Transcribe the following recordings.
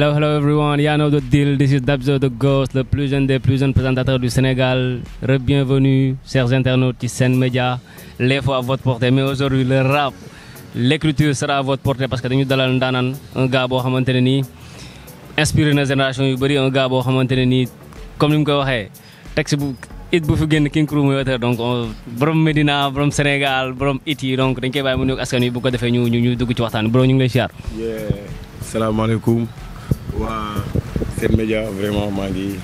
Hello, hello everyone, you know the deal, this is Dabzo the Ghost, le plus jeune des plus jeunes présentateurs du Sénégal. Re-bienvenue, chers internautes qui Sen Média. Les fois à votre portée, mais aujourd'hui le rap, l'écriture sera à votre portée parce que nous dalal ndanan, un gars bo xamantene ni inspiré na génération yu bari, un gars bo xamantene ni comme nous ko waxe, texte bu it bu fi génn King Crew muy auteur donc borom Medina borom Sénégal borom it donc dañ koy bàyyi mu nuyoog askan wi bu ko defee ñu ñu dugg ci waxtaan bro ñu ngi lay siyaar. salaamaaleykum c'est vraiment Mangi.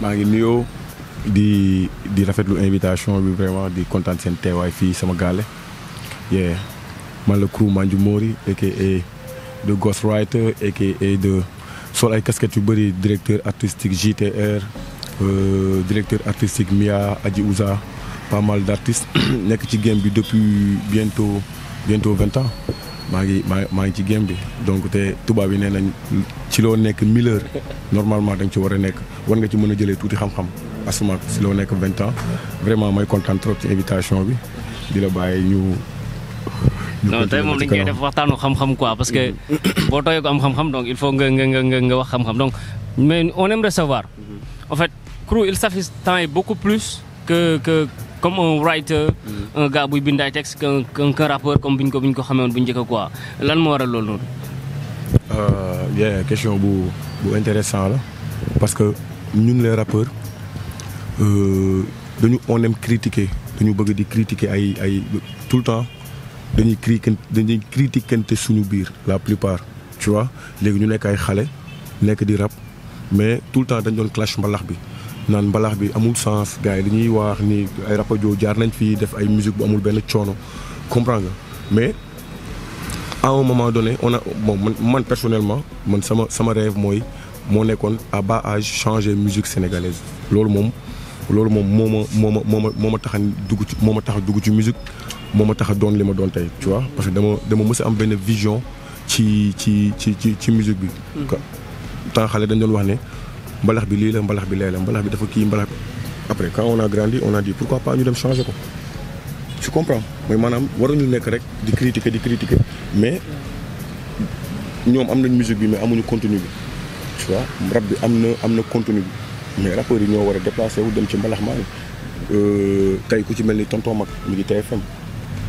Mangi Nio, de de l'invitation, di de l'invitation bi vraiment un kontaan ça fils fii sama yeah man le crew Mori aka de Ghost aka de soleil casquette directeur artistique JTR euh, directeur artistique Mia dit Ouza pas mal d'artistes artistes que ci game depuis bientôt bientôt 20 ans je ngi ci donc te tubaab yi nee ci loo nekk mille heures normalement da ci war a nekk nga ci xam si vingt ans vraiment may content trop ci invitation bi di la bàyyi ñu. non tey moom dañ def waxtaanu xam-xam quoi parce que boo tooyee ko am xam donc il faut nga nga nga donc mais on aime savoir, mhm. en fait Crew il s'affiche beaucoup plus que que. comme un writer mm. un gars buy bind ay texte qu'un qu'un rappeur comme bu ñu ko bu ñu ko xamee woon bu njëkk quoi lan moo waral loolu noonu. Euh, question bu bu intéressant la parce que ñu ñun les rappeurs euh, dañu on aime critiquer dañu bëgg di critiquer ay ay tout le temps dañuy cri dañuy critiquante suñu biir la plupart tu vois léegi ñu nekk ay xale nekk di rap mais tout le temps dañ doon clash mbalax bi. naan mbalax bi amul sens gars yi dañuy wax ni ay rapajo jaar nañ fi def ay musique bu amul benn coono comprends nga mais à un moment donné on a bon man man personnellement man sama sama rêve mooy moo nekkoon à bas âge changer musique sénégalaise loolu moom loolu moom moo ma moo ma moo ma moo ma tax a dugg ci moo ma tax a dugg ci musique moo ma tax a doon li ma doon tey tu vois parce que dama dama mës a am benn vision ci ci ci ci ci musique bi. Hmm. temps xale dañ doon wax ne. mbalax bi lii la mbalax bi lee la mbalax bi dafa kii mbalax bi après quand on a grandi on a dit pourquoi pas ñu dem changer ko su comprends mooy maanaam waruñu nekk rek di critiquer di critiquer mais ñoom am nañ musique bi mais amuñu contenu bi tu vois bi am na am na contenu bi mais rappeurs yi ñoo war a déplacé wu dem ci mbalax maa ni euh, tey ku ci mel ni tonton mag mi ngi TFM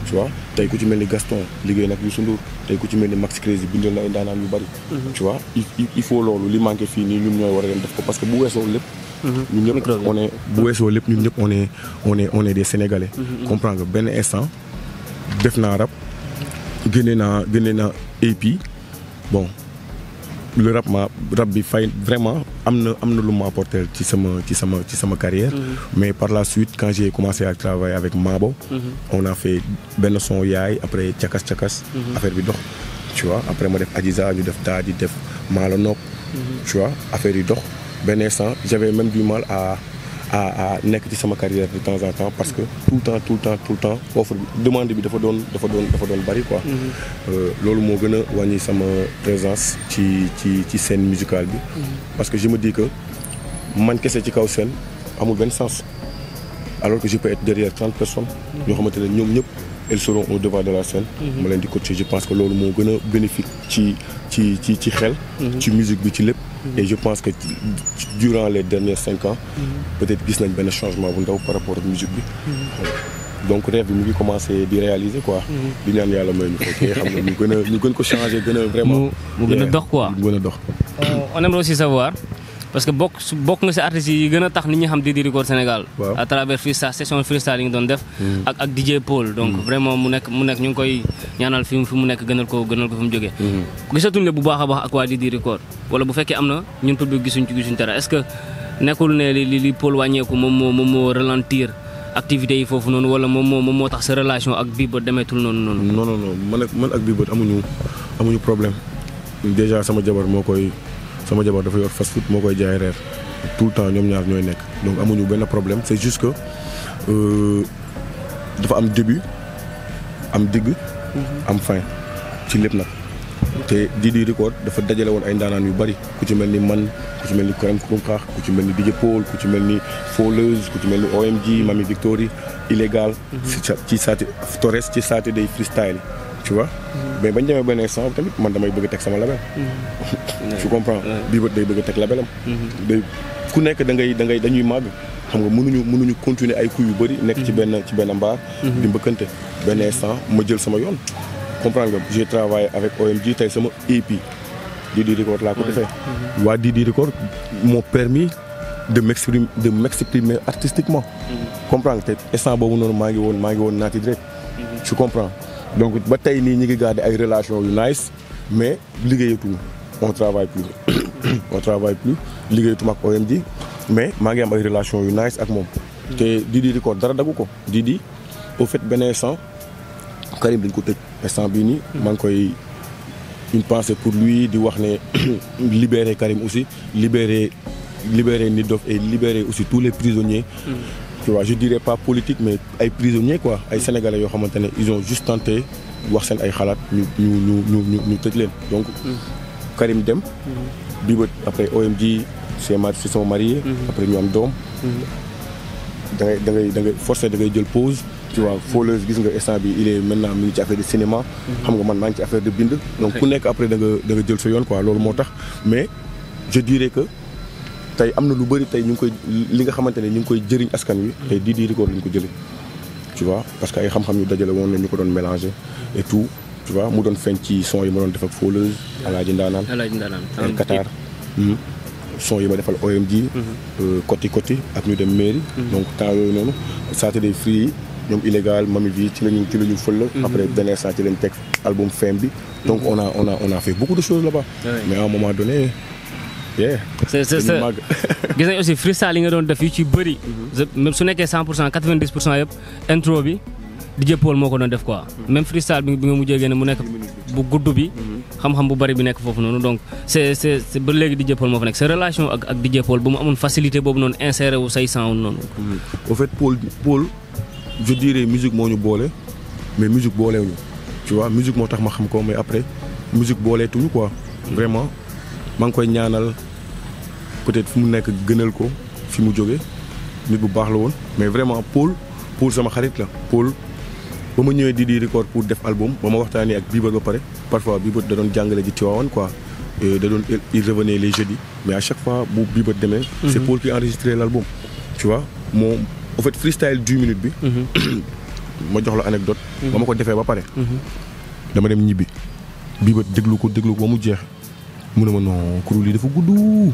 tu vois tey ku ci mel Gaston liggéey nag Youssou Ndour tey ku ci mel ni Max Crazy bindal na ay ndaanaan yu bari mhm. tu vois il faut loolu li manqué fii nii ñun ñooy war a dem ko parce que bu weesoo lépp mhm. ñun ñëpp on est bu weesoo lépp ñun ñëpp on est on est on est des Sénégalais mhm, comprends que ben instant def naa rap génne naa génne naa AP bon le rap ma rap vraiment lu ci sama ci sama carrière. Mhm. mais par la suite quand j'ai commencé à travailler avec Mabo. Mhm. on a fait benn son yaay après cakas cakas. Mhm. affaire bi dox tu vois après mo def Adiza ñu def di def tu vois affaire yi dox j'avais même du mal à à à nekk ci carrière de temps en temps parce que tout le temps tout le temps tout le temps offre demande bi dafa doon dafa de dafa donner bari quoi. Mhm. Euh, loolu moo gën a présence ci ci scène musicale mhm. parce que je me dis que man suis ci kaw scène amul bon sens alors que je peux être derrière 30 personnes. elles seront au devant de la scène. Mhm. je pense que ce qui gën a bénéfique ci ci ci ci xel. musique bi et je pense que durant les derniers 5 ans, mhm. peut-être y nañ un changement bu ndaw par rapport la musique Donc mhm. donc rêve bi a commencé di réaliser quoi. Mhm. di ñaan yàlla may ñu fekkee xam a ñu changer gën a vraiment. mu quoi euh, on aimerait aussi savoir. parce que bokk bokk nga si artistes yi gën a tax nit ñi xam Didi Record Sénégal. à travers freestyle session freestyle yi nga doon def. Mm. ak ak DJ donc mm. vraiment mu nekk mu nekk ñu ngi koy ñaanal fi mu nekk gënal ko gënal ko fi mu jógee. Mm. gisatuñ la bu baax a baax ak waa Didi Record bu fekkee am na ñun public gisuñ ci gisuñ dara est-ce que nekkul ne li li Paul wàññeeku moom moo moom moo ralentir. activités yi foofu noonu wala moom moom moo tax relation ak Big Bird demeetul noonu noonu. non non non man ak man ak Big Bird amuñu amuñu problème déjà sama jabar moo koy sama jabar dafa yor fast food moo koy jaay reer tout le temps ñoom ñaar ñooy nekk donc amuñu benn problème c'est juste que euh, dafa am début am digg mhm. am fin ci lépp nag te di Record dafa dajale woon ay ndaanaan yu bari ku ci mel ni man ku ci mel ni Korem Kurumkaax ku ci mel ni DJ Paul ku ci mel ni Foleuse ku ci mel ni OMG Mami Victory Illégal mhm. ci ci saati Torres ci saati day freestyle tu vois. Mm-hmm. mais bañ demee benn instant tamit man damay bëgg teg sama label. Mm-hmm. tu comprends bii bët day bëgg teg labelam. Mm-hmm. day ku nekk da ngay da ngay dañuy màgg. xam nga mënuñu mënuñu continuer ay coup yu bëri. nekk ci ben ci benn mbaar. di mbëkkante benn instant ma jël sama yoon. comprends que j'ai travaillé avec OMG tey sama EP. Didi Record laa ko defee. waa Didi Record m'ont permis de m'exprimer de m'exprimer artistiquement. comprendre te instant boobu non maa ngi woon maa ngi woon naati direct. tu comprends donc ba tey ni une relation garder ay mais yu nice mais on travaille plus on travaille plus liggéeyatuma ak OMG mais maa ngi am ay relation yu nice avec mon. te Didi di ko dara Didi au fait benn instant Karim dañ ko tëj instant bini, nii. koy une pensée pour lui di wax ne libérer Karim aussi libérer libérer Nitdoff et libérer aussi tous les prisonniers tu vois je dirais pas politique mais ay prisonniers quoi ay sénégalais yoo xamante ils ont juste tenté wax seen ay xalaat nous nous nous nous nous nous donc Karim dem bi après OMG c'est ma se après ñu am doom da ngay da ngay da da jël pause tu vois Fowler gis nga instant bi il est maintenant mu ci affaire de cinéma xam nga man maa ci affaire de bind donc ku nek après da nga da nga jël sa yone quoi lolu motax mais je dirais que tey am lu bëri tey ñu koy li nga ne ñu koy askan wi record tu vois parce que ay xam-xam yu dajale woon ne ñu ko mélanger et tout tu vois mu doon feeñ ci son yi des doon def ak Alaaji Ndaanaan Qatar hmm. son yi ma defal OMG Côté Côté. ak ñu dem mhm. donc temps yooyu noonu Free illégal mami bi ci lañu ci fël mhm. après benn ci lañ teg album donc mhm. on a on a on a fait beaucoup de choses là-bas ah mais à un moment donné c'est c'est c'est gis aussi freestyle yi nga doon def yu ci bëri. Mhm. même su nekké 100 90 pour intro bi. DJ Paul moo ko def quoi. Mhm. même freestyle bi nga mujjé génne mu nekk bu gudd bi. Mhm. xam-xam bu bari bi nekk fofu noonu donc c'est c'est c'est ba légui DJ Paul moo fa nekk sa relation ak ak DJ Paul ba mu amoon facilité bobu non inséré wu say sang noonu. au fait Paul Paul je dirais musique moñu bolé mais musique bolé wu tu vois musique motax ma xam ko mais après musique bolé booleetuñu quoi. vraiment mang koy ñaanal peut-être fu mu gënal ko fi mu jóge nit bu baax la won mais vraiment Paul Paul sama xarit la Paul bama ñëwé di di record pour def album bama waxtani ak Bieber ba paré parfois Bieber da doon jàngale ci Tivaouane quoi da doon il revenait les jeudis mais à chaque fois bu Bieber demee mhm. c'est Paul qui enregistrait l'album tu vois moom en fait freestyle 10 minutes bi mhm. ma jox la anecdote mhm. bama ko défé ba pare dama dem ñibi Bieber déglu ko déglu ko ba mu jeex mu ne ma non kuréel li dafa guddou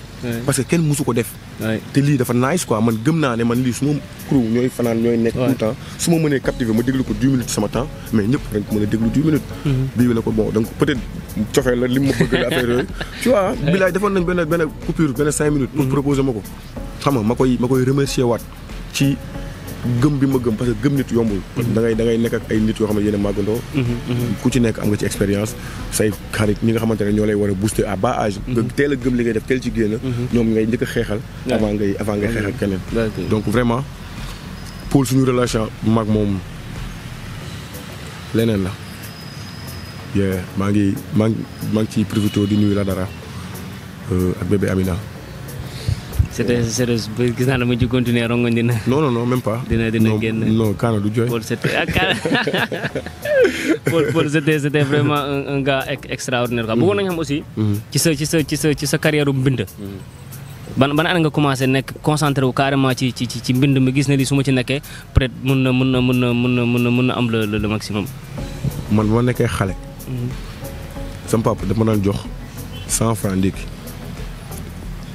parce que quel musu ko def te li dafa nice quoi man gëm naa ne man li su crew ñoy fanaan ñoy nek tout temps suma ma captiver ma déglu ko 10 minutes sama temps mais ñëpp dañ ko déglu 10 minutes mhm. bi wala ko bon donc peut-être cofee la li ma bëgg la affaire yooyu tu vois bilay defoon nañ ben ben coupure ben 5 minutes pour mhm. proposer mako xam nga ma koy remercier wat ci gëm bi ma gëm parce que gëm nit yombul. Mhm. da ngay da nekk ak ay nit yoo xam ne yéen a màggandoo. Mhm, mhm. ku ci nekk am nga ci expérience say xarit ñi nga xamante ne ñoo lay war a booster à bas âge. nga teel a gëm li def teel ci génn. ñoom ngay njëkk a xeexal. avant ngay avant ngay xeexal keneen. donc vraiment pour suñu relation mag moom leneen la. maa ngi maa ngi maa ngi ciy profité di nuyu la dara euh, ak bébé Amina. c'était c'était gis naa dama ci continuer rongoñ dina non non non même pas dina dina génn non kaana du jooy Paul c'était ah kaana Paul Paul c'était c'était vraiment eh, un, un gars extraordinaire quoi bëggoon nañ xam mm. aussi mm. ci sa ci sa ci sa ci sa carrière mbind mm. ban ban nga commencé nek concentré wu carrément ci ci ci mbind mi gis na li suma ci nekké peut être mën na mën na mën na mën na mën na mën na am le le maximum man nekké xalé sama papa dama jox 100 francs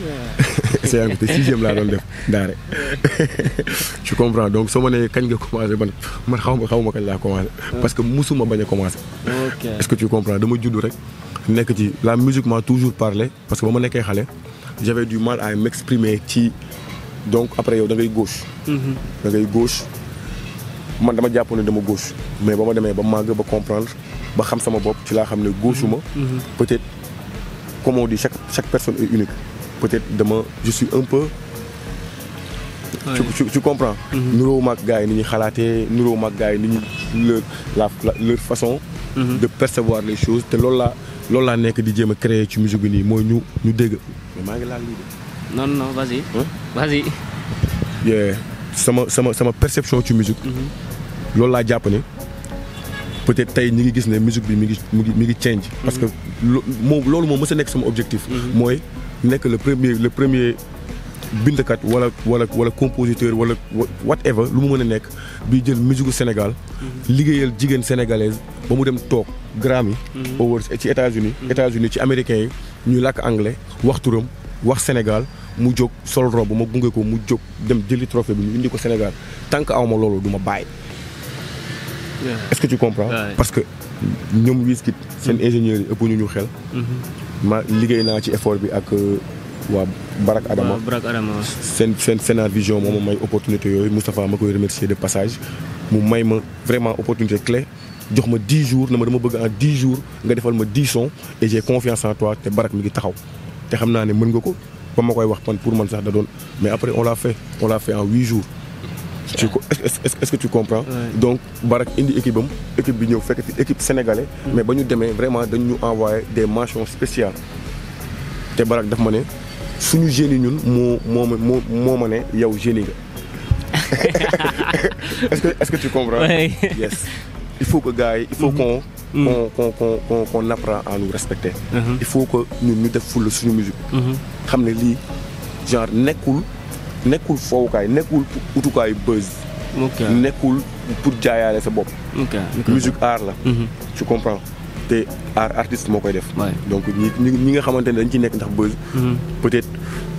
c'est CNPT sixième laa doon def daare tu comprends donc somme ma nee kañ nga commencé man man xaw ma xaw ma kañ commencé. parce que musuma bañ a commencé. est-ce que tu comprends dama mon rek. direct. ci la musique m'a toujours parlé parce que ba ma nekkee j'avais du mal à m'exprimer ci donc après yow da ngay gauche. Mhm. da ngay gauche man dama jàpp de dama gauche mais bama ma ba màgg ba comprendre ba xam sama bop ci la xamné ne gauche ma. Mhm. peut-être comme on dit chaque chaque personne est unique peut-être demain je suis un peu. Tu, tu, tu, comprends mhm. Nous mag gars ni xalaté nous mag gars ni leur la, leur façon mhm. de percevoir les choses té lool la la nek di jëm créer tu musique ni moy ñu ñu dég non non vas-y hein? vas-y yeah sama sama sama perception ci musique mm -hmm. lool la japp ni peut-être tay ñi ngi gis né musique bi mi ngi mi ngi change parce mhm. que lo, mo lool mo mësa nek sama objectif moy nek le premier le premier bindkat wala wala wala compositeur wala whatever lu mu mën a bi jël musique Sénégal mhm. liggéeyal jigéen sénégalaise ba mu dem toog Grammy mhm. Awards ci États-Unis mhm. États-Unis ci américains ñu lak anglais wax turam wax Sénégal mu jóg sol robe ma gunge ko mu jog dem jëli trophée bi ñu indi ko Sénégal tant awma lolu duma baye ma est-ce que tu comprends parce que ñoom wiskit seen mm-hmm. ingénieurs yi ëpp ñu ñu xel. Mm-hmm. ma liggéey naa ci effort bi ak euh, waa Barak Adama Adama seen seen Sénat Vision moom may opportunité yooyu Moustapha ma koy remercier de passage mu may ma vraiment opportunité clé jox ma 10 jours na ma dama bëgg en 10 jours nga defal ma 10 sons et j'ai confiance en toi te Barak mi ngi taxaw te xam naa ne mën nga ko ba ma koy wax man pour man sax da doon mais après on l'a fait on l'a fait en 8 jours est-ce est-ce que tu comprends. donc Barak indi équipe équipe bi fekk fi équipe sénégalais. Mm. mais bañu démé vraiment dañ ñu des mentions spéciales. té Barak daf mané suñu génie ñun mo mo mo, moo moo yow génie nga. est-ce que est-ce que tu comprends. yes il faut que gars il faut mm-hmm. Mm-hmm. qu'on qu'on qu'on qu'on apprend à nous respecter. Mm-hmm. il faut que ñun ñu def fulla suñu musique. xam ne lii genre nekkul kay nekul outou kay buzz. nekul pour jaayaale sa bopp. musique art la. Mhm. tu comprends des art artiste moo def. donc ñi ñi nga xamantene ne dañ ci nek ndax buzz. Mhm. peut-être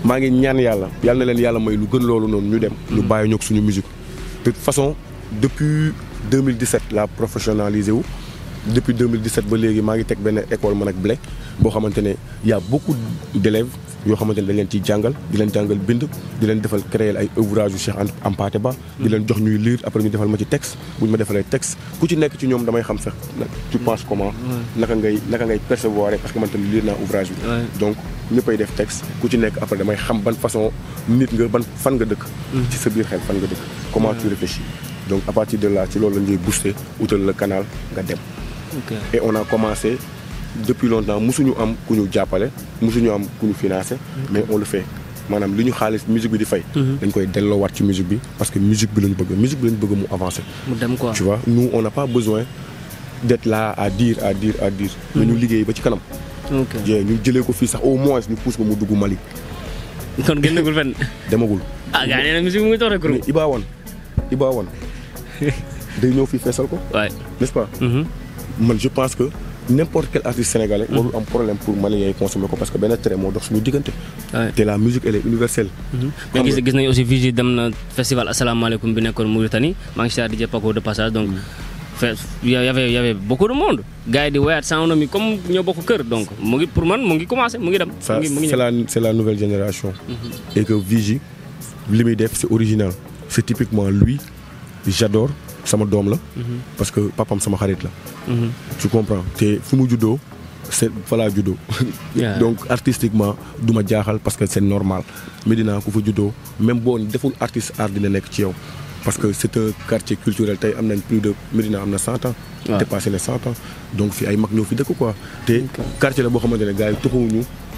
maa ngi ñaan yalla yàlla na leen yàlla may lu gën lolu non ñu dem. Mhm. ñu bayu ñok suñu musique de toute façon depuis 2017 la professionnaliser wu. depuis 2017 ba légui maa ngi teg école man ak Blé boo il y' a beaucoup d'élèves yo xamante dañ leen ciy jàngal di leen jàngal bind di leen defal créer ay ouvrage yu Cheikh Hampâté Bâ di leen jox ñuy lire après ñu defal ma ci texte bu ñu ma defalee texte ku ci nekk ci ñoom damay xam sax tu penses comment naka ngay naka ngay percevoir parce que man tamit lire naa ouvrage bi donc ñëppay def texte ku ci nekk après damay xam ban façon nit nga ban fan nga dëkk mm. ci sa biir xel fan nga dëkk comment tu réfléchis donc à partir de là ci loolu la ñuy booster utal le canal nga dem et on a commencé depuis longtemps nous am ku ñu nous am mais on le fait Nous liñu ñu la musique bi di fay mhm. dañ koy wat ci musique bi parce que musique musique bi lañu bëgg mu avancer mu quoi tu vois nous on n'a pas besoin d'être là à dire à dire à dire mhm. ñu liggéey ba ci kanam Je ñu jëlé ko fi sax au moins ñu pousse mu dugg Mali kon fenn demagul ah gars musique mu ngi groupe Iba day ñëw fi ko Ouais. n'est-ce pas mhm. man je pense que n'importe quel artiste sénégalais mmh. warul un problème pour malien et consommer quoi, parce que ben très moo dox suñu diggante te la musique elle est universelle mmh. mais gis gis nañu aussi Vigy dans le festival alaikum, bi nekkoon Mauritanie maa ngi si DJ Paco de passage donc il mmh. y avait il y avait beaucoup de monde gars yi di on sound mi comme ñoo bokk kër donc mu ngi pour man mu ngi commencé mu ngi dem c'est la c'est la nouvelle génération et que Vigy li def c'est original c'est typiquement lui j'adore sama dom la. Mhm. parce que papam sama xarit la. Mhm. tu comprends te fu mu judo, c'est voilà judo donc artistiquement du ma parce que c'est normal. medina ku fa judo, même bon deful artiste art dina nek ci yow. parce que c'est un quartier culturel tay amna plus de medina amna 100 cent ans. dépassé les 100 ans donc fi ay mag ñoo fi dëkk quoi. te quartier la bo xamantene ne gars yi toxuwuñu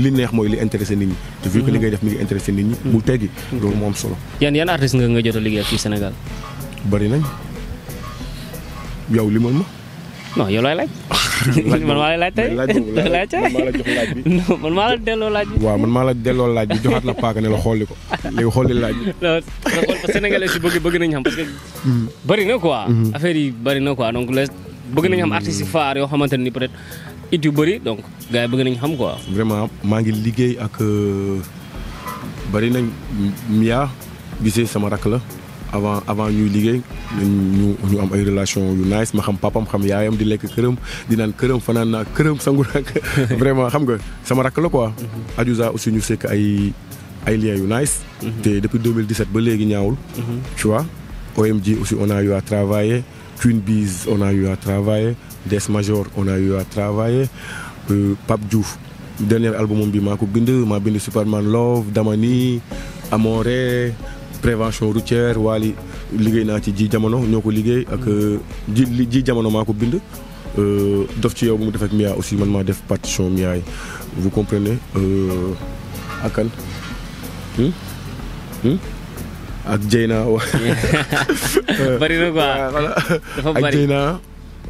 li neex moy li intéressé nit ñi te vu que li mhm. ngay def mi ngi intéressé nit ñi bu teggi mhm. loolu moo am solo yan yan artiste nga nga jot a liggéey fii Sénégal bari nañ yow limal ma non yow lay laaj man ma lay laaj tey laaj man ma la delloo laaj bi waaw man ma la delloo laaj bi joxat la paaka ne la xooli ko léegi xooli laaj bi sénégalais ci bëgg bëgg nañ xam parce que mhm. bari na quoi affaire yi bari na quoi donc bëgg nañ xam artiste faar yo xamanteni ni peut-être it yu bëri donc gars yi bëgg nañ xam quoi. vraiment maa ngi liggéey ak euh, bari nañ Mia gisee sama rak la avant avant ñuy liggéey ñu am ay relation yu nice ma xam papam xam yaayam di lekk këram di naan këram fanaan naa këram sangu nag vraiment xam nga sama rak la quoi. Mhm. Adiouza aussi ñu sekk ay ay liens yu nice. Mhm. te depuis 2017 ba léegi ñaawul. Mhm. tu vois OMG aussi on a eu à travailler Queen Biz on a eu à travailler. Des Major on a eu à travailler euh, Pape dernier album bi suis Superman Love Damani Amore, prévention routière Wali, Ligue na ci ji nyoko Ligue, ak euh, aussi vous comprenez euh, akan hmm? Hmm? quoi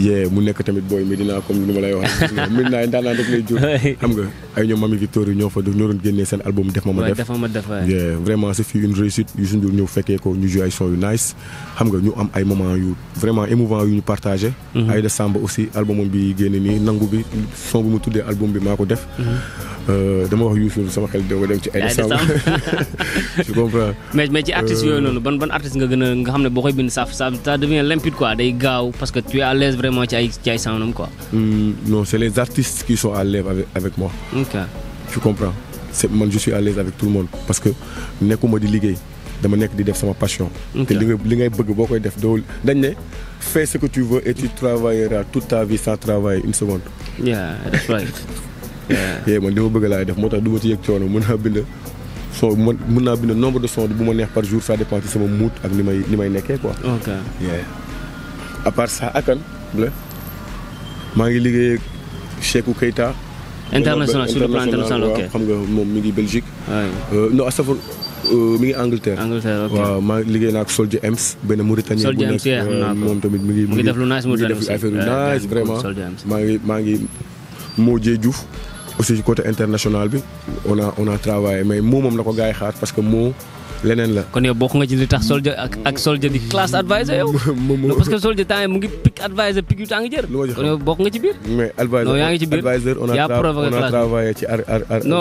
yee mu nekk tamit booy Medina comme ni ma lay wax Medina yi daanaka daf lay jur xam nga ay ñoom Mamy Victoire yi ñoo fa def ñoo seen album def ma ma def ma def vraiment ce une réussite Youssou Ndour ñëw fekkee ko ñu joué ay yu nice xam nga ñu am ay moment yu vraiment émouvant yu ñu partagé mhm. Aïda Samba aussi album bi génne nii nangu bi son bu mu tuddee album bi maa ko def mhm. euh, dama wax Youssou Ndour sama xel dama dem ci Aïda Samba mais mais ci euh, a vraiment ci ay non c'est les artistes qui sont à l'aise avec avec moi. ok tu comprends c'est moi je suis à l'aise avec tout le monde parce que nekkuma di liggéey dama nekk di def ma passion. te li nga li ngay def fais ce que tu veux et tu travailleras toute ta vie sans travailler une seconde. yeah that's right. yeah mon dieu ma bëgg laay def moo tax nombre de sons de ma par jour ça dépend de ce mood ak ni may ni quoi. ok yeah à part ça à akan bleu. international sur le plan international ok Je suis Belgique. Euh, non euh, Angleterre. Angleterre ok Soldier Ems euh, aussi affaire vraiment mangi mangi côté international on a on a travaillé mais moi je suis parce que moi leneen la kon yow bokk nga ci li tax soldier ak ak soldier di class advisor yow. parce que soldier temps mu ngi pic advisor pic yu tàng jër. kon yow bokk nga ci biir. mais advisor non yaa ci biir yaa ci ar ar ar. ngi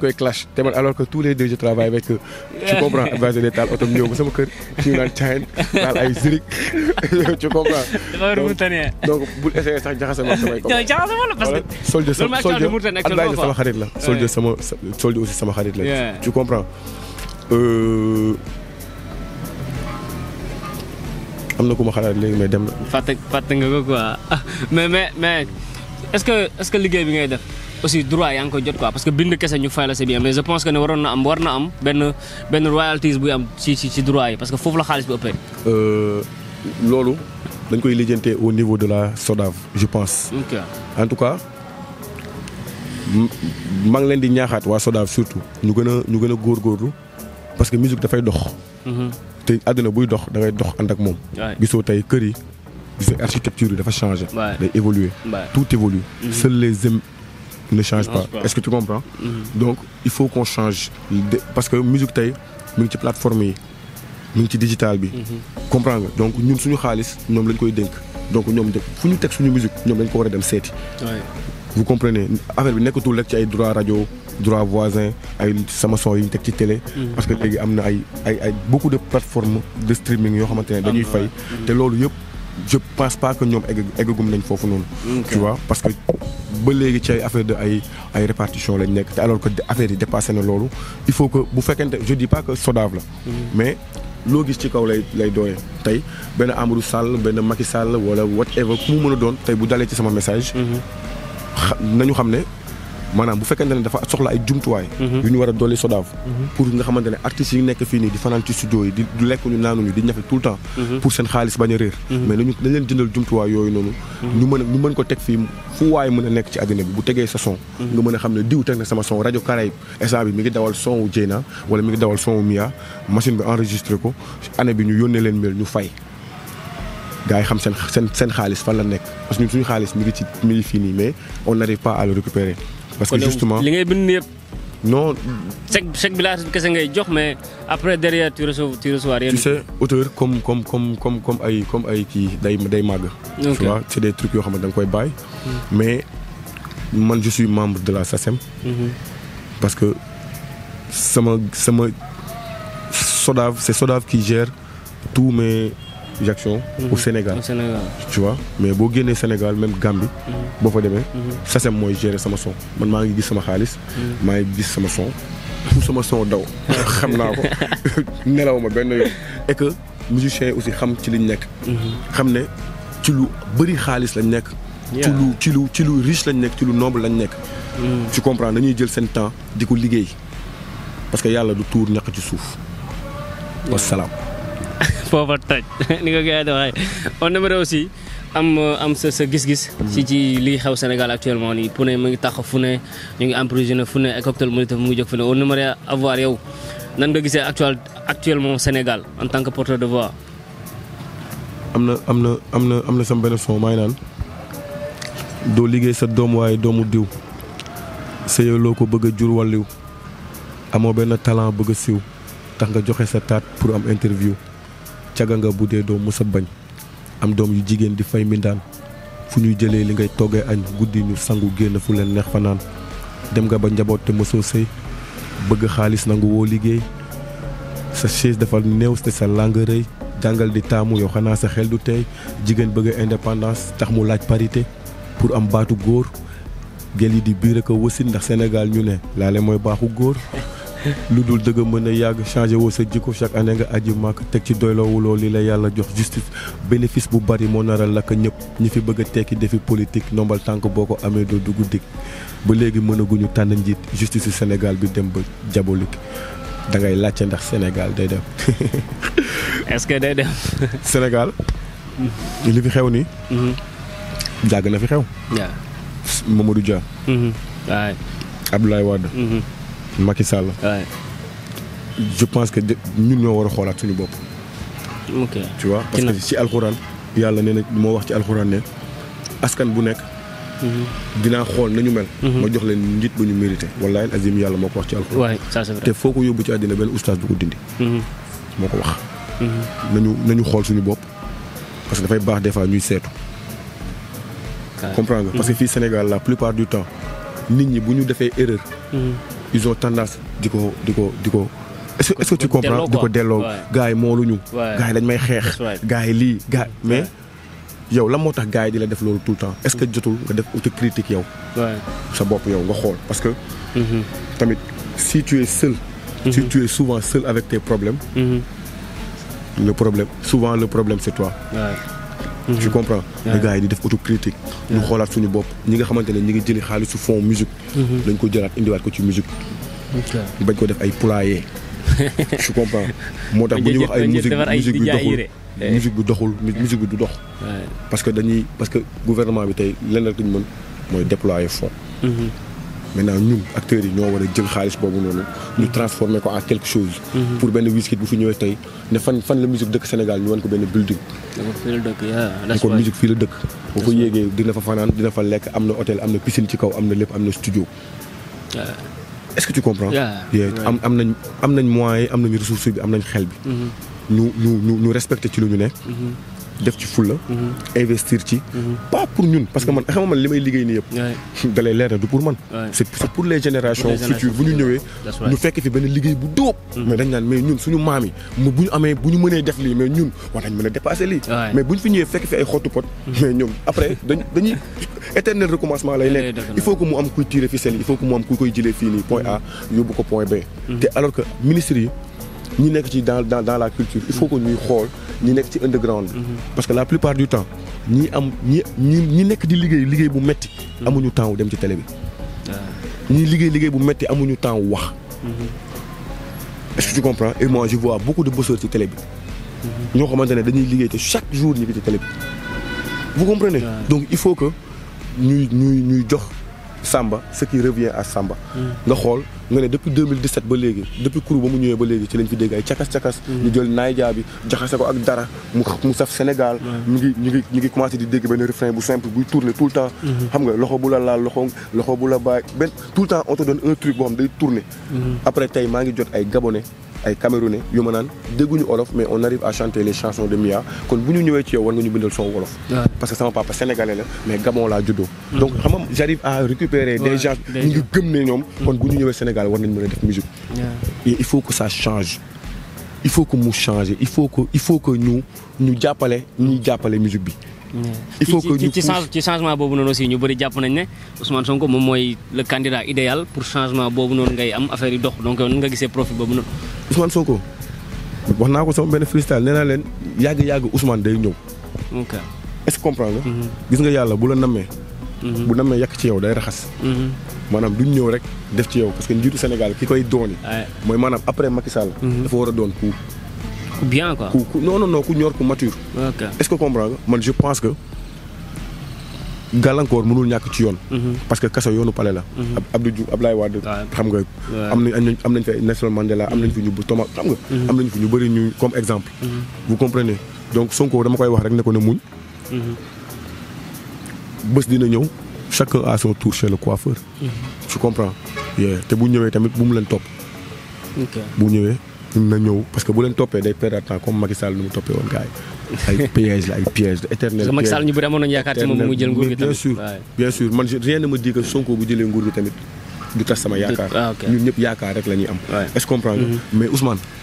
koy clash te man alors que tous les deux je travaille avec tu comprends advisor day taal oto ñëw sama kër Mauritanie. donc bul essayé sax jaxase ma samay. jaxase ma la parce que. solde sama solde sama xarit la. solde sama solde sama xarit la. tu comprends. Euh, am na ku ma xalaat léegi mais dem na. fàtte fàtte nga ko quoi mais mais mais est-ce que est que liggéey bi ngay def aussi droit yaa ngi koy jot quoi parce que bind kese ñu fay la c'est bien mais je pense que ne waroon na am war na am benn benn royalties buy am si ci ci droit yi parce que foofu la xaalis bi ëppee. Euh, loolu dañ koy lijjantee au niveau de la SODAV je pense. en tout cas maa ngi leen di ñaaxaat waa SODAV surtout ñu gën a ñu gën a góorgóorlu parce que musique dafay dox. Mm-hmm. te àddina buy dox da ngay dox ànd ak moom. gisoo tey kër yi gisoo architecture yi dafa changé. day évoluer tout évolue. Mm-hmm. seuls les hommes ne changent pas est-ce que tu comprends. Mm-hmm. donc il faut qu'on change. parce que musique tey mu ci plateforme yi mu ngi ci digital bi. Mhm. comprendre nga donc ñun suñu xaalis ñoom lañ koy dénk donc ñoom de fu ñu teg suñu musique ñoom lañ ko war a dem seeti. vous comprenez affaire bi nekkatul rek ci ay droit radio droit voisin ay sama son yi teg ci télé. Mhm. parce que léegi am na ay ay ay beaucoup de plateformes de streaming yoo xamante ne dañuy fay. Mhm. te loolu yëpp je pense pas que ñoom egg eggagum nañ foofu noonu. tu vois parce que ba léegi ci ay affaire de ay ay répartition lañ nekk te alors que affaire yi dépassé na loolu il faut que bu fekkente je dis pas que Sodav la mais. loo gis ci kaw lay lay dooyee tey benn Amadou sàll benn Macky Sall wala whatever ku mu mën a doon tey bu dalee ci sama message. Mhm. nañu xam ne. manam bu fekkente ne dafa soxla ay jumtuwaay mhm. yu ñu war a dolli SODAV mhm. pour nga xamante ne artistes yi nekk fii nii di fanaan ci studio yi di lekk ñu ñu di ñafe tout le temps mhm. pour seen xaalis bañ a réer mais nañu dañ leen jëndal jumtuwaay yooyu noonu ñu mën ñu mën ko teg fii fu waay mën a nekk ci àddina bi bu tegee sa son nga mën a xam ne diw teg na sama son rajo Caraïbe instant bi mi ngi dawal son wu Dieyna wala mi ngi dawal son wu Mia machine bi enregistré ko année bi ñu yónnee leen mel ñu fay gars yi xam seen seen seen xaalis fan la nekk parce que ñun suñu xaalis mi ngi ci mi ngi fii nii mais on n'arrive pas à le récupérer parce que justement li ngay bind yëpp. non. chaque chaque village kese ngay jox mais après derrière tu reçois tu reçois rien. tu sais auteur comme comme comme comme comme ay comme ay qui day day mag tu vois c'est des trucs yo xam ne nga koy bay hmm. mais man je suis membre de la SACEM. Hmm. parce que sama sama SODAV c'est SODAV qui gère tous mes. Ajaccio mhm. au Sénégal tu vois mais boo génnee Sénégal même Gambie mhm. boo fa mhm. Ça c'est moi gérer sama son man maa ngi gis sama xaliss, maa ngi gis sama son fu sama son daw xam naa ko nelaw ma benn et que musiciens yi aussi xam ci liñ nek. xam ne ci lu bëri xaliss lañ nek. ci lu ci lu ci lu riche lañ nek, ci lu noble lañ nek. Mm. tu comprends dañuy jël sen temps diko ko liggéey parce que Yalla du tour, ñaq ci suuf wasalaam foofa toj ni ko gars yi di waxee on aimerait aussi am am sa sa gis-gis. ci ci li xew Sénégal actuellement nii pour ne mu ngi tax fu ne ñu ngi emprisonné fu ne ay cocktail Molotov mu ngi jóg fu ne on aimerait avoir yow nan nga gisee actuel actuellement Sénégal en tant que porteur de voix. am na am na am na am na sama benn son maa ngi naan doo liggéey sa doom waaye doomu diw sëyoo loo ko bëgg a jur wàlliw amoo benn talent bëgg a siiw tax nga joxe sa taat pour am interview. caga nga bu dee doo mës bañ am doom yu jigéen di fay mindaan fu ñuy jëlee li ngay toggee añ guddi ñu sangu génn fu leen neex fanaan dem nga ba njaboot te mësoo sëy bëgg xaalis nangu woo liggéey sa chaise dafa néew te sa langue rëy jàngal di taamu yow xanaa sa xel du tey jigéen bëgg indépendance tax mu laaj parité pour am baatu góor gel yi di biir ak a wëssin ndax Sénégal ñu ne laale mooy baaxu góor lu dul dëgg mën a yàgg changé woo sa jikko chaque année nga aji màkk teg ci doyloowuloo li la yàlla jox justice bénéfice bu bari moo nara lakk ñëpp ñi fi bëgg a tekki defi politique nombal tànk boo ko amee doo dugg dig ba léegi mënaguñu tànn njiit justice senegal bi dem ba diabolique da ngay laajte ndax Sénégal day dem. est-ce day dem. Sénégal. li fi xew nii. jàgg mm-hmm. na fi xew. waaw Mamadou Dia. waay mm-hmm. Abdoulaye Wade. Mm-hmm. Macky Sall. Ouais. je pense que ñun ñoo war a xoolaat suñu bopp. ok tu vois parce que si ci alxuraan yàlla nee na moo wax ci alxuraan ne askan bu nekk. Mhm. dina xol nañu mel. Mhm. ma jox leen nit bu ñu mérité. wallahi azim yalla moko wax ci ça c'est vrai té foko yobu ci adina benn oustad du ko dindi. hmm moko wax. hmm nañu nañu xol suñu bop parce que da fay bax des fois ñuy sétu comprendre parce que fi Sénégal la plupart du temps nit ñi bu ñu defee erreur. Mhm ils ont tendance di ko di est-ce que est-ce que tu comprends di ko gars yi mooluñu. gars yi dañ may gars yi lii gars mais. yow la motax tax gars yi di la def tout le temps est-ce que jotul nga def autocritique yow. sa bop yow nga xol parce que. Mm-hmm. tamit si tu es seul. si mm-hmm. tu es souvent seul avec tes problèmes. Mm-hmm. le problème souvent le problème c'est toi. tu comprends. les gars yi di def critique ñu xoolaat suñu bopp ñi nga xamante ne ñi ngi jëli xaalisu fond musique dañ mhm. ko jëlaat indiwaat ko ci musique bañ ko def ay poulailler je comprends moo tax bu ñuy wax ay musique eh. musique bi doxul musique bi doxul musique bi du dox parce que dañuy parce que gouvernement bi tey lenn rek ñu mën mooy déployer fond mhm maintenant nous acteurs yi ñoo war jeunes jël xaalis boobu noonu ñu transformer ko en quelque chose mm-hmm. pour benn Wizkid bu fi ñëwee tey ne fan fan la musique dëkk Sénégal ñu wan ko benn building ne ko musique fii la dëkk boo ko yéegee dina fa fanaan dina fa lekk am hôtel am piscine ci kaw am amener lépp am studio est-ce que tu comprends am am nañ am amener moyens am amener ressource bi am nañ xel bi mm-hmm. ñu ñu ñu ñu ci lu ñu def ci mhm. investir mhm. pas pour nous, parce que man xam man liggéey pour c'est pour les générations futures bu ñu ñëwee ñu fi liggéey mhm. mais dañ naan mais ñun suñu mais a dépasser mais fi pot après il faut que mu am kuy il faut que mu am koy point A yóbbu ko point B alors que ministre nous sommes dans dans dans la culture il faut que ñuy xool ñi dans ci underground mhm. parce que la plupart du temps nous sommes ñi ñi culture, nous di mhm. ah. liggéey liggéey bu metti amuñu temps wu dem ci télé bi. ñi liggéey liggéey bu metti amuñu temps est-ce que tu comprends et moi je vois beaucoup de bosseurs de télé bi. Mhm. ñoo xamante à dañuy chaque jour de télé vous comprenez donc il faut que nous ñuy ñuy Samba ce qui revient à Samba. nga xool nga depuis 2017 ba léegi depuis Kourou ba mu ñëwee ba léegi ci lañ fi dégg ay cakas-cakas. Mm. ñu jël naayjaa bi jaxase ko ak dara mu mu Sénégal. ñu ngi ñu commencé di dégg benn refrain bu simple buy tourner tout le temps. Mm-hmm. xam nga loxo bu la laal loxo loxo bu la tout le temps on te donne un truc boo xam tourner. Mm-hmm. après tey maa ngi jot ay gabonais ay camerounais yu ma naan Wolof, mais on arrive à chanter les chansons de Mia kon n'y ñu ñëwee ci yow war ñu son wolof parce que sama papa sénégalais mais Gabon l'a Judo donc j'arrive à récupérer des gens ñu ngi gëm quand nous mm. kon bu ñu Sénégal war nañ faire de la musique il faut que ça change il faut que nous change, il faut que il faut que nous ñu la ñuy musique il faut que ñu ci changement boobu noonu aussi ñu bëri jàpp nañ ne Ousmane Sonko moom mooy le candidat idéal pour changement boobu noonu ngay am affaire yi dox donc yow euh, nga gisee profil boobu noonu. Ousmane Sonko wax naa ko sama benn freestyle nee leen yàgg yàgg Ousmane day ñëw. ok est-ce que comprendre nga. Mhm. gis nga yàlla bu la nammee. Mhm. bu nammee yàq ci yow day raxas. Mhm. maanaam duñ ñëw rek def ci yow parce que njiitu Sénégal ki koy dooni mooy maanaam après Macky dafa war a doon pour. bien quoi. non non non ku ñor ku mature. est-ce que comprends nga man je pense que gàllankoor mënul ñàkk ci yoon. Mhm. parce que kaso yoonu pale la. Mhm. Abdou Diouf Abdoulaye Wade. xam nga am nañ am nañ fi Mandela am nañ fi ñu bu nga. Mhm. am nañ ñu bëri ñu comme exemple. vous comprenez donc Sonko dama koy wax rek ne ko ne muñ. bés dina ñëw chacun à son tour chez le coiffeur. tu comprends. te bu ñëwee tamit bu mu leen top. bu ñëwee. na ñëw parce que bu leen toppee day perdre temps comme Macky Sall nu mu toppee woon gars yi ay piège la ay piège la éternel Macky Sall ñu bëri amoon nañu yaakaar ci mu jël nguur gi tamit bien sûr bien sûr man rien sama yaakaar ah, ñun ñëpp yaakaar rek la ñuy am est-ce comprendre mm-hmm. mais Ousmane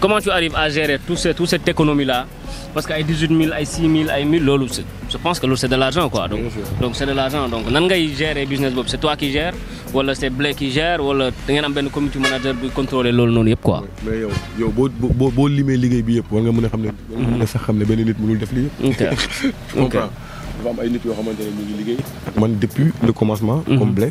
Comment tu arrives à gérer toute cette économie-là Parce qu'il y qu'à 18 000, à 6 000, à 1 000, je pense que c'est de l'argent. quoi. Donc, c'est de l'argent. Donc, comment tu gères le business C'est toi qui gères Ou c'est Blé qui gère Ou tu as un community manager qui contrôle tout quoi Mais si tu as limé le travail, tu a savoir que tu peux faire ça. Tu comprends dafa am ay nit yoo xamante ne ñu ngi liggéey. moi depuis le commencement. comme mhm. Blé.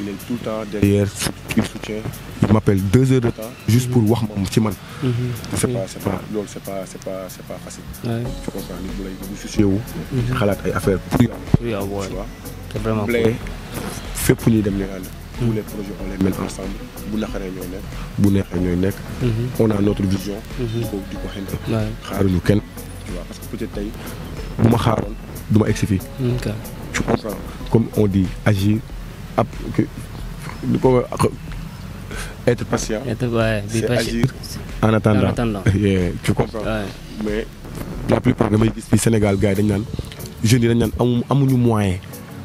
il est tout le temps derrière, il soutient. Il m'appelle deux heures de temps juste pour voir mon petit man. Mhm. C'est pas, c'est pas, lol, c'est pas, c'est pas, c'est pas facile. Mhm. Ah, tu comprends, les boulets, ils vous soucient où, halat ay affaire pour y Oui, ouais. C'est vraiment cool. Fait pour nous les demander. Tous les projets, on les met ensemble. Bu naxaree ñooy nekk. Bu neexee mhm. On a notre vision. di ko di ko xëy Tu vois, parce que peut-être tey bu ma xaaroon du ma egsi fii. Tu comprends, comme on dit, agir être patient. Être, ouais, c'est agir en attendant. En attendant. Yeah, tu comprends. Ouais. Mais la plupart damay gis fii Sénégal gars yi dañ naan jeunes yi dañ naan amuñu moyen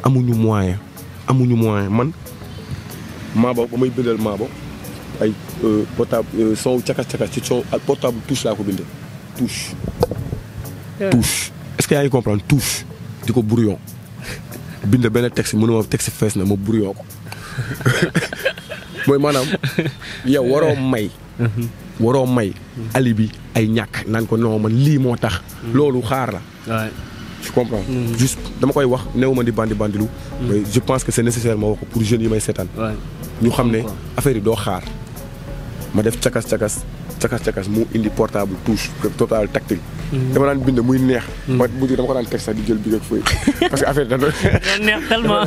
amuñu moyen amuñu moyen man mabo, ba may bindal maabo ay euh, portable euh, soow cakas-cakas ci soow ak portable touche laa ko bindee touche touche est-ce que yaa ngi comprendre touche di ko brouillon bind benn texte un texte fees na ma brouillon ko mooy maanaam yow waroo may. Mhm. waroo may. ali bi ay ñàkk non comprends. Mhm. juste dama koy wax newuma di bandi bandilu. Mhm. mais je pense que c'est nécessaire ma wax pour jeunes yi may seetaan. ñu xam ne affaire yi doo ma def cakas cakas cakas cakas mu indi portable touche total tactile. dama daan bind muy neex. ma mm. mujj dama ko daan teg sax di jël bi ak parce que affaire da neex tellement.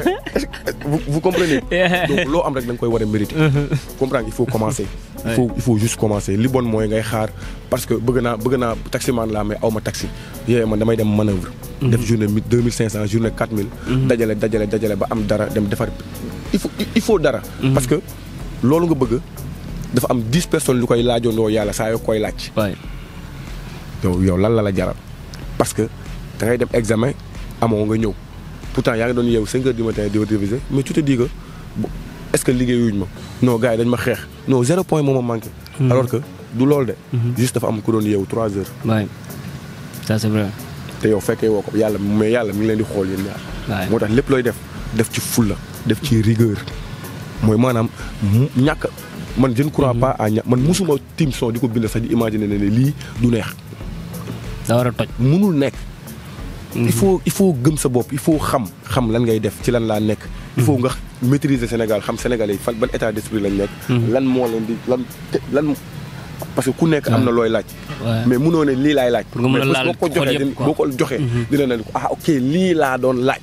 vous comprenez. donc lo am rek dang koy wara mériter. Mm-hmm. comprendre il faut commencer. il faut il faut juste commencer li bon mooy ngay xaar parce que bëgg naa bëgg naa taximaan laa mais aw ma taxi. yooyu man damay dem manœuvre. Mm-hmm. def journée mi 2500 journée 4000. Mm-hmm. dajale dajale dajale ba am dara dem defar il faut il faut dara. parce que loolu nga bëgg dafa am 10 personnes lu koy laajandoo yàlla saa yoo koy laaj. yow yow lan la la jaral parce que da ngay dem examen nga pourtant yaa ngi doon 5 heures du matin de réviser mais tu te dis que est-ce que liggéeyuñ ma non gars dañ ma xeex non zéro point moo ma manqué. Hmm. alors que du loolu de. Hmm. juste dafa am ku doon 3 heures. Oui. ça c'est vrai. te yow fekkee woo ko mais yàlla mi ngi leen di xool yéen ñaar. moo tax lépp def def ci fulla def ci rigueur man je ne crois à ña man mosuma tim son di ko bind sax di imaginer ne ne lii du neex. da toj munul nekk. Mhm. il faut il faut gëm sa bopp il faut xam xam lan ngay def ci lan laa nekk. il faut mhm. nga maîtriser Sénégal xam sénégalais fan ban état d'esprit lañ nekk. Mhm. lan moo leen di lan lan. parce que ku nekk am na looy laaj. mais munoo ne lii laay laaj. pour nga mën a laal boo ko joxee boo ko joxee. dina ah ok lii laa doon laaj.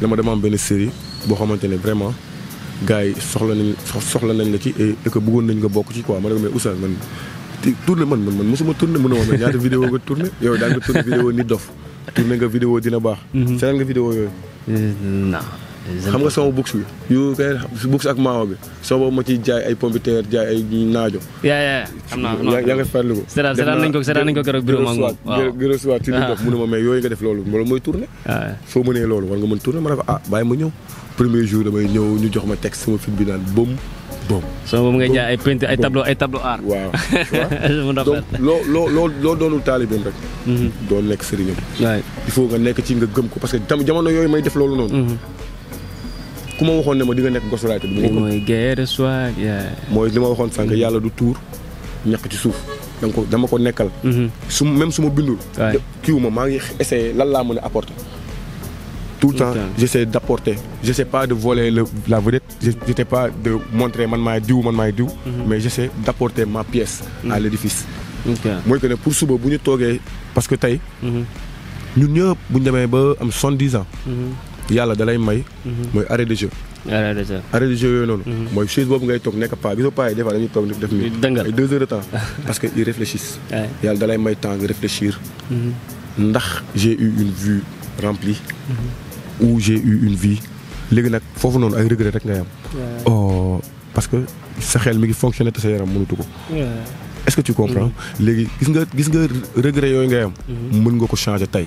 ne ma dama am benn série boo xamante ne vraiment gars yi soxla nañ soxla nañ la ci et que bëggoon nañ nga bokk ci quoi ma ne ko mais Oustaz man tourné man man man mosuma tourné mën na ñaata vidéo nga tourné yow daal nga tourné vidéo nit dof tourné nga vidéo dina baax seetaan mhm. nga vidéo yooyu mm-hmm. xam nga sama books bi yu kay books ak maawa bi sama boobu ma ciy jaay ay pompiteer jaay ay naajo. yaa yaa yaa nga farlu ko. seetaan seetaan nañ ko seetaan ah. ma mais yooyu nga def loolu loolu mooy tourné. waaw ah. soo mënee loolu war nga mën tourné ma ne ko ah bàyyi ma ñëw. premier jour damay ñëw ñu jox ma texte sama film bi naan bom bom. sama boobu ngay jaay ay peinture ay tableau art. waaw donc loo loo loo loo doonul taalibeem rek. Mhm. doo nekk sëriñam. il faut nga nekk ci nga gëm ko parce que jamono yooyu may def loolu ku ma ne ma di nga nekk gosoraay te bi moy guerre soir mooy li ma waxoon sànq yàlla du tour ñaq ci souf danga ko dama ko nekkal mm-hmm. su même su ma bindul kiiwu ma ngi essayé lan la mën apporter tout le temps j'essaie d'apporter j'essaie pas de voler le, la vedette j'étais pas de montrer man ma diw man ma diw mm-hmm. mais j'essaie d'apporter ma pièce à mm-hmm. l'édifice mooy que ne pour suba buñu togué parce que tay ñun ñëp buñu démé ba am 70 ans yàlla da lay may. Mhm. mooy arrêt de jeu. arrêt de jeu arrêt de jeu yooyu noonu. Mhm. mooy chaise boobu ngay toog nekk pas gisoo pas yi des fois dañuy toog def nii. dëngal deux heures de temps parce que ils réfléchissent. yàlla da lay may temps nga réfléchir. Mhm. ndax j'ai eu une vue remplie. ou j'ai eu une vie. léegi nag foofu noonu ay regret rek ngay am. oh parce que sa xel mi ngi fonctionner te sa yaram mënatu ko. est-ce que tu comprends. léegi gis nga gis nga regret yooyu ngay am. mën nga ko changer tey.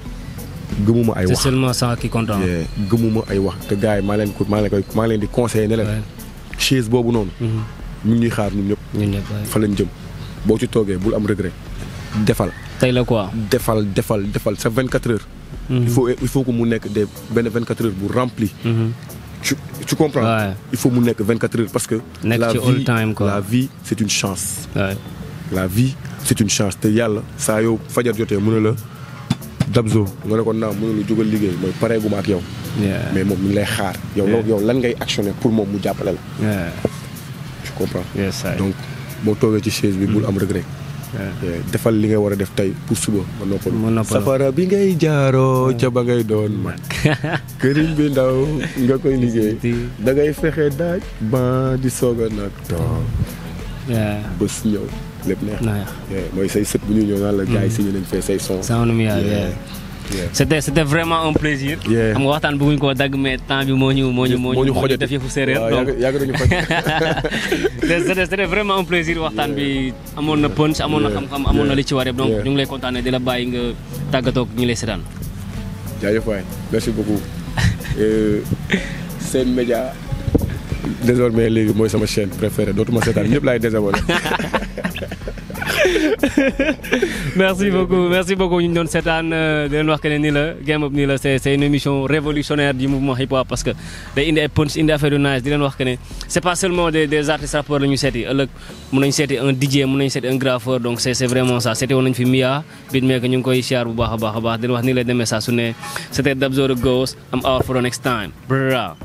gëmuma ay wax c'est seulement ça qui compte hein. gëmuma ay wax te gars yi maa leen ko maa leen koy maa leen di conseillé ne leen chaise boobu noonu mhm. ñu ngi ñuy xaar ñun ñëpp fa lañ jëm ci am regret Défal. tey la quoi Défal, défal, défal. C'est 24 heures mhm. il faut il faut que mu nekk des benn heures bu rempli mhm. tu, tu comprends ouais. Il faut mon 24 heures parce que la vie, time, la vie, c'est une chance. Ouais. La vie, c'est une chance. T'es yalla, ça yo, fajar joté, mune la, Dabzo nga ne ko naam mu ne la jógal liggéey mooy pareeguma ak yow. mais moom mi ngi lay xaar. yow loolu yow lan ngay actionné pour moom mu jàppale la. tu comprends. donc boo toogee ci chaise bi bul mm. am regret. defal li nga war a def tey pour suba ma noppalu. safara bi ngay jaaroo ca ba ngay doon mag. këriñ bi ndaw nga koy liggéey. da ngay fexe daaj. ba di soog a nag toog. ñëw. lépp neex na mooy say sët bu ñu ñëw naan la gars yi mm-hmm. signé nañ fee say son c'était c'était vraiment un plaisir. xam nga waxtaan bëgguñ koo dagg mais temps bi moo ñu moo ñu moo ñu def yëfu séeréer donc c'était c'était vraiment un waxtaan bi amoon na punch amoon na xam amoon na li ci war yëpp donc ñu ngi lay kontaanee di la bàyyi nga tàggatoog ñu lay seetaan. jaajëf waay merci beaucoup seen euh, média désormais léegi mooy sama chaîne préférée dootuma seetaan ñëpp laay désabonné merci beaucoup merci beaucoup ñu doon sétane euh, di leen wax que ne nii la Game Up ni la c'est c'est une émission révolutionnaire du mouvement hip hop parce que day indi ay punch indi affaire nice di leen wax que ne c'est pas seulement des des artistes rappeurs la ñu seeti ëllëg mun séti un DJ mun nañu seeti un graffeur donc c'est c'est vraiment ça seeti woon nañu fi Mia beatmaker ñu koy siyaar bu baax a baax di leen wax ni lay démé ça su c'était Dabzo Ghost I'm out for the next time bra